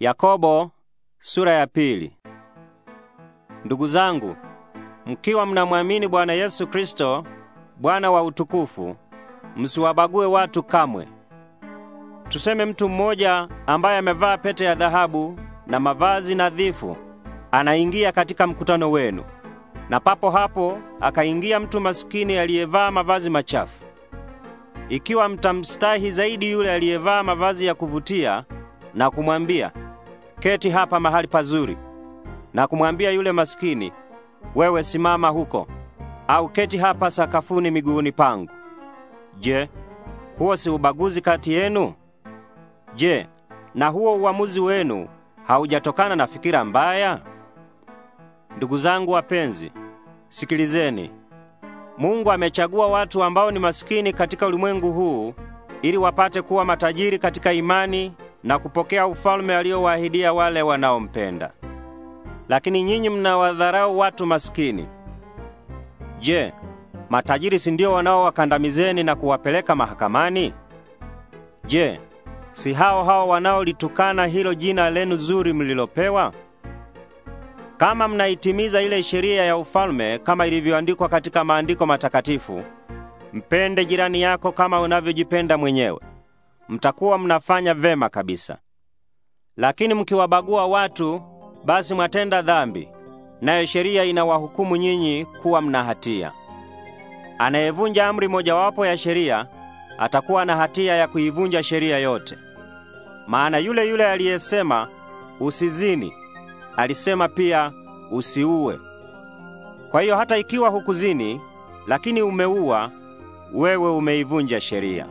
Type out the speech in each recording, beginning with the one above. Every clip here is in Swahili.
Yakobo sura ya pili. Ndugu zangu, mkiwa mnamwamini Bwana Yesu Kristo, Bwana wa utukufu, msiwabague watu kamwe. Tuseme mtu mmoja ambaye amevaa pete ya dhahabu na mavazi nadhifu anaingia katika mkutano wenu. Na papo hapo akaingia mtu masikini aliyevaa mavazi machafu. Ikiwa mtamstahi zaidi yule aliyevaa mavazi ya kuvutia na kumwambia keti hapa mahali pazuri, na kumwambia yule maskini, wewe simama huko, au keti hapa sakafuni miguuni pangu. Je, huo si ubaguzi kati yenu? Je, na huo uamuzi wenu haujatokana na fikira mbaya? Ndugu zangu wapenzi, sikilizeni. Mungu amechagua watu ambao ni maskini katika ulimwengu huu ili wapate kuwa matajiri katika imani na kupokea ufalme aliyowaahidia wale wanaompenda. Lakini nyinyi mnawadharau watu masikini. Je, matajiri si ndio wanaowakandamizeni na kuwapeleka mahakamani? Je, si hao hao wanaolitukana hilo jina lenu zuri mlilopewa? Kama mnaitimiza ile sheria ya ufalme kama ilivyoandikwa katika maandiko matakatifu, mpende jirani yako kama unavyojipenda mwenyewe mtakuwa mnafanya vema kabisa. Lakini mkiwabagua watu, basi mwatenda dhambi, nayo sheria inawahukumu nyinyi kuwa mna hatia. Anayevunja amri mojawapo ya sheria atakuwa na hatia ya kuivunja sheria yote. Maana yule yule aliyesema usizini alisema pia usiue. Kwa hiyo hata ikiwa hukuzini, lakini umeua, wewe umeivunja sheria.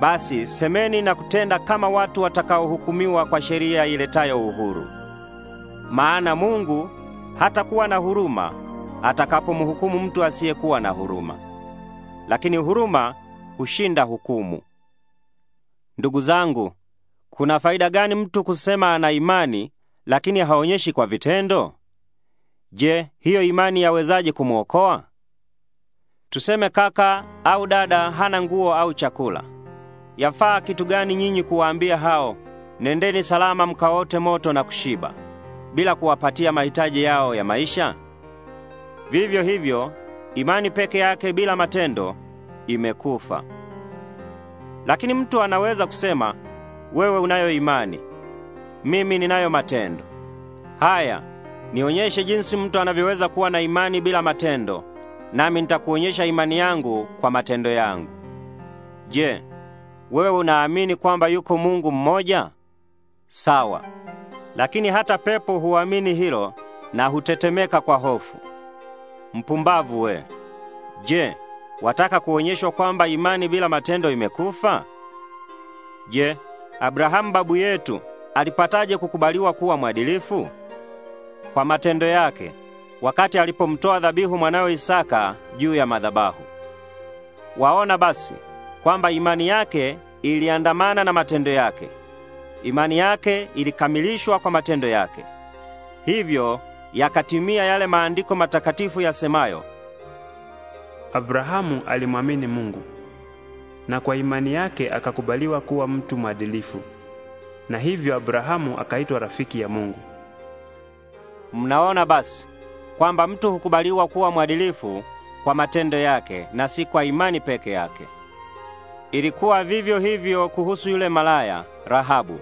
Basi semeni na kutenda kama watu watakaohukumiwa kwa sheria iletayo uhuru. Maana Mungu hatakuwa na huruma atakapomhukumu mtu asiyekuwa na huruma, lakini huruma hushinda hukumu. Ndugu zangu, kuna faida gani mtu kusema ana imani lakini haonyeshi kwa vitendo? Je, hiyo imani yawezaje kumwokoa? Tuseme kaka au dada hana nguo au chakula. Yafaa kitu gani nyinyi kuwaambia hao, nendeni salama mkaote moto na kushiba, bila kuwapatia mahitaji yao ya maisha? Vivyo hivyo, imani peke yake bila matendo imekufa. Lakini mtu anaweza kusema, wewe unayo imani, mimi ninayo matendo. Haya, nionyeshe jinsi mtu anavyoweza kuwa na imani bila matendo, nami nitakuonyesha imani yangu kwa matendo yangu. Je, wewe unaamini kwamba yuko Mungu mmoja? Sawa. Lakini hata pepo huamini hilo na hutetemeka kwa hofu. Mpumbavu we! Je, wataka kuonyeshwa kwamba imani bila matendo imekufa? Je, Abrahamu babu yetu alipataje kukubaliwa kuwa mwadilifu? Kwa matendo yake, wakati alipomtoa dhabihu mwanawe Isaka juu ya madhabahu. Waona basi kwamba imani yake iliandamana na matendo yake. Imani yake ilikamilishwa kwa matendo yake. Hivyo yakatimia yale maandiko matakatifu yasemayo, Abrahamu alimwamini Mungu na kwa imani yake akakubaliwa kuwa mtu mwadilifu, na hivyo Abrahamu akaitwa rafiki ya Mungu. Mnaona basi kwamba mtu hukubaliwa kuwa mwadilifu kwa matendo yake na si kwa imani peke yake. Ilikuwa vivyo hivyo kuhusu yule malaya Rahabu.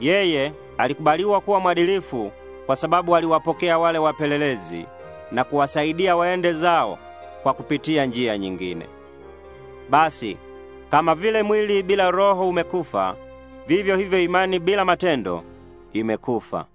Yeye alikubaliwa kuwa mwadilifu kwa sababu aliwapokea wale wapelelezi na kuwasaidia waende zao kwa kupitia njia nyingine. Basi kama vile mwili bila roho umekufa, vivyo hivyo imani bila matendo imekufa.